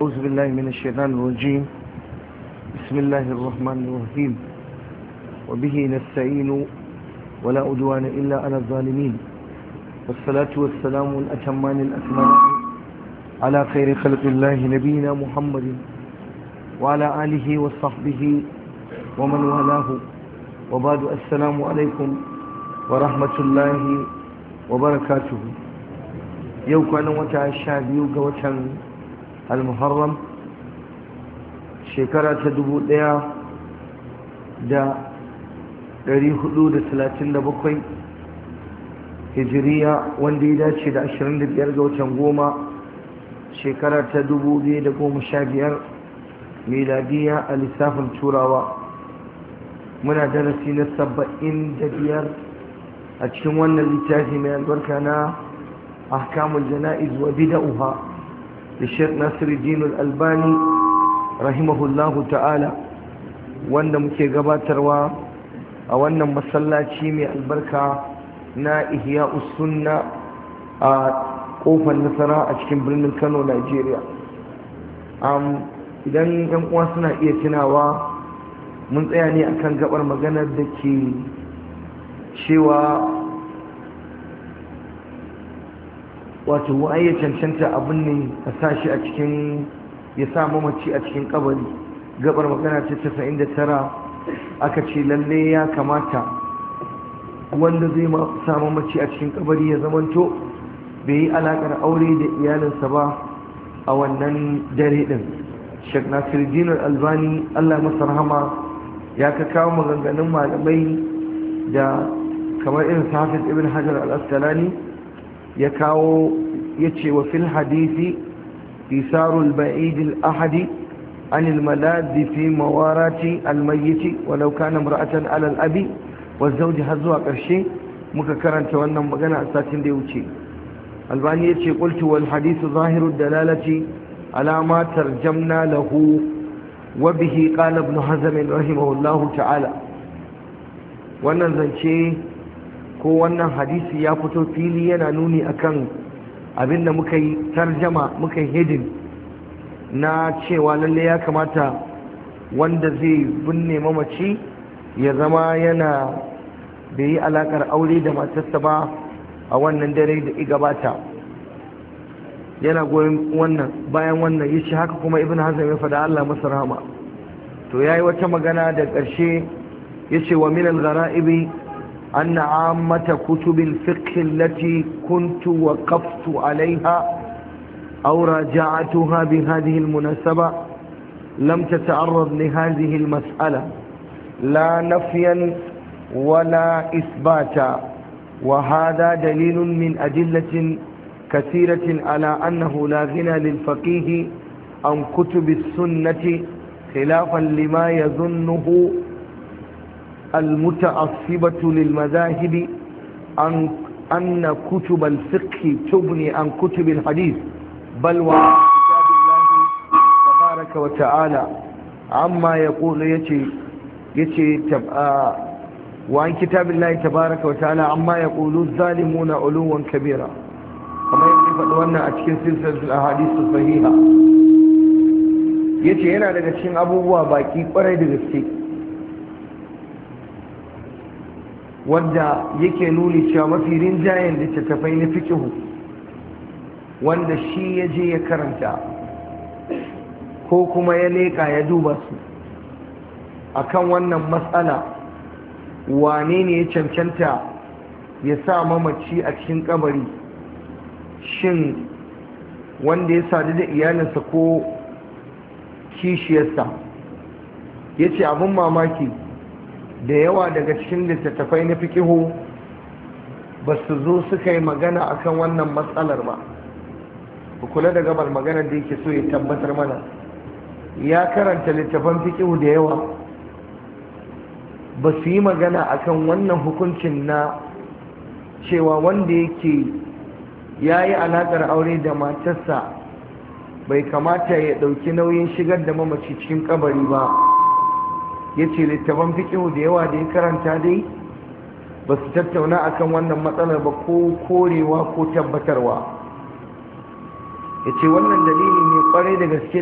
أعوذ بالله من الشيطان الرجيم بسم الله الرحمن الرحيم وبه نستعين ولا أدوان إلا على الظالمين والصلاة والسلام الأتمان الأكمل على خير خلق الله نبينا محمد وعلى آله وصحبه ومن والاه وبعد السلام عليكم ورحمة الله وبركاته يوكان وتعشى بيوك وتعشى al-muharram shekara ta dubu ɗaya da ɗari da da bakwai hijiriya wanda ya dace da ashirin da biyar ga watan goma shekara ta dubu biyu da goma sha biyar miladiya a lissafin turawa muna darasi na saba'in da biyar a cikin wannan littafi mai albarka na ahkamul jana'iz wa bida'uha da ناصر الدين Albani رحمه الله ta'ala, wanda muke gabatarwa a wannan masallaci mai albarka na ihiya usunna a kofar nasara a cikin birnin kano nigeria idan yan uwa suna iya tunawa mun tsaya ne akan gabar maganar da ke cewa wato wa'ai ya cancanta abin ne a sashi a cikin ya sa mamaci a cikin kabari gabar magana ce tara, aka ce lalle ya kamata wanda zai sa mamaci a cikin kabari ya zamanto bai yi alakar aure da iyalinsa ba a wannan dare din shek nasiruddin albani allah masa rahama ya ka kawo maganganun malamai da kamar irin hafiz ibn hajar al-asqalani ya kawo ya ce wa fil hadisi, isarul ba'idil ahadi anil maladi fi mawarati almayyiti walau kana imra'atan ala al-abi wal zawj hazwa karshe muka karanta wannan magana a satin da wuce albani yace qultu wal hadisi zahiru dalalaci alamatar Jamna tarjamna lahu wa bihi qala ibn hazm rahimahullahu ta'ala wannan zance ko wannan hadisi ya fito fili yana nuni akan abin da muka yi tarjama muka yi hedin na cewa lalle ya kamata wanda zai binne mamaci ya zama yana da yi alakar aure da matarsa ba a wannan dare da gabata. yana goyon wannan bayan wannan ya shi haka kuma ibn hazm ya faɗa Allah masa rahama to ya yi wata magana da ƙarshe ce wa minan garaibi أن عامة كتب الفقه التي كنت وقفت عليها أو راجعتها بهذه المناسبة لم تتعرض لهذه المسألة لا نفيا ولا إثباتا وهذا دليل من أدلة كثيرة على أنه لا غنى للفقيه عن كتب السنة خلافا لما يظنه المتعصبة للمذاهب أن أن كتب الفقه تبني عن كتب الحديث بل وعن كتاب الله تبارك وتعالى عما يقول يتي يتي تب آه وعن كتاب الله تبارك وتعالى عما يقول الظالمون علوا كبيرا كما يجب أن أتكن سلسلة الأحاديث الصحيحة yace yana daga cikin abubuwa baki kwarai da gaske wanda yake nuni cewa mafi rinjayen littattafai na fikihu wanda shi ya je ya karanta ko kuma ya leƙa ya duba su a kan wannan matsala wane ne ya cancanta ya sa mamaci a cikin kabari shin wanda ya sadu da iyalinsa ko kishiyarsa ya ce abin mamaki da yawa daga cikin littattafai na fikihu ba su zo suka yi magana akan wannan matsalar ba kula da gabar maganar da yake so ya tabbatar mana ya karanta littafan fikihu da yawa ba su yi magana akan wannan hukuncin na cewa wanda yake ya yi alaƙar aure da matarsa bai kamata ya ɗauki nauyin shigar da mamaci cikin kabari ba ya ce littafan fikihu da yawa da ya karanta dai ba su tattauna a kan wannan matsalar ba ko korewa ko tabbatarwa ya ce wannan dalili ne kwarai da gaske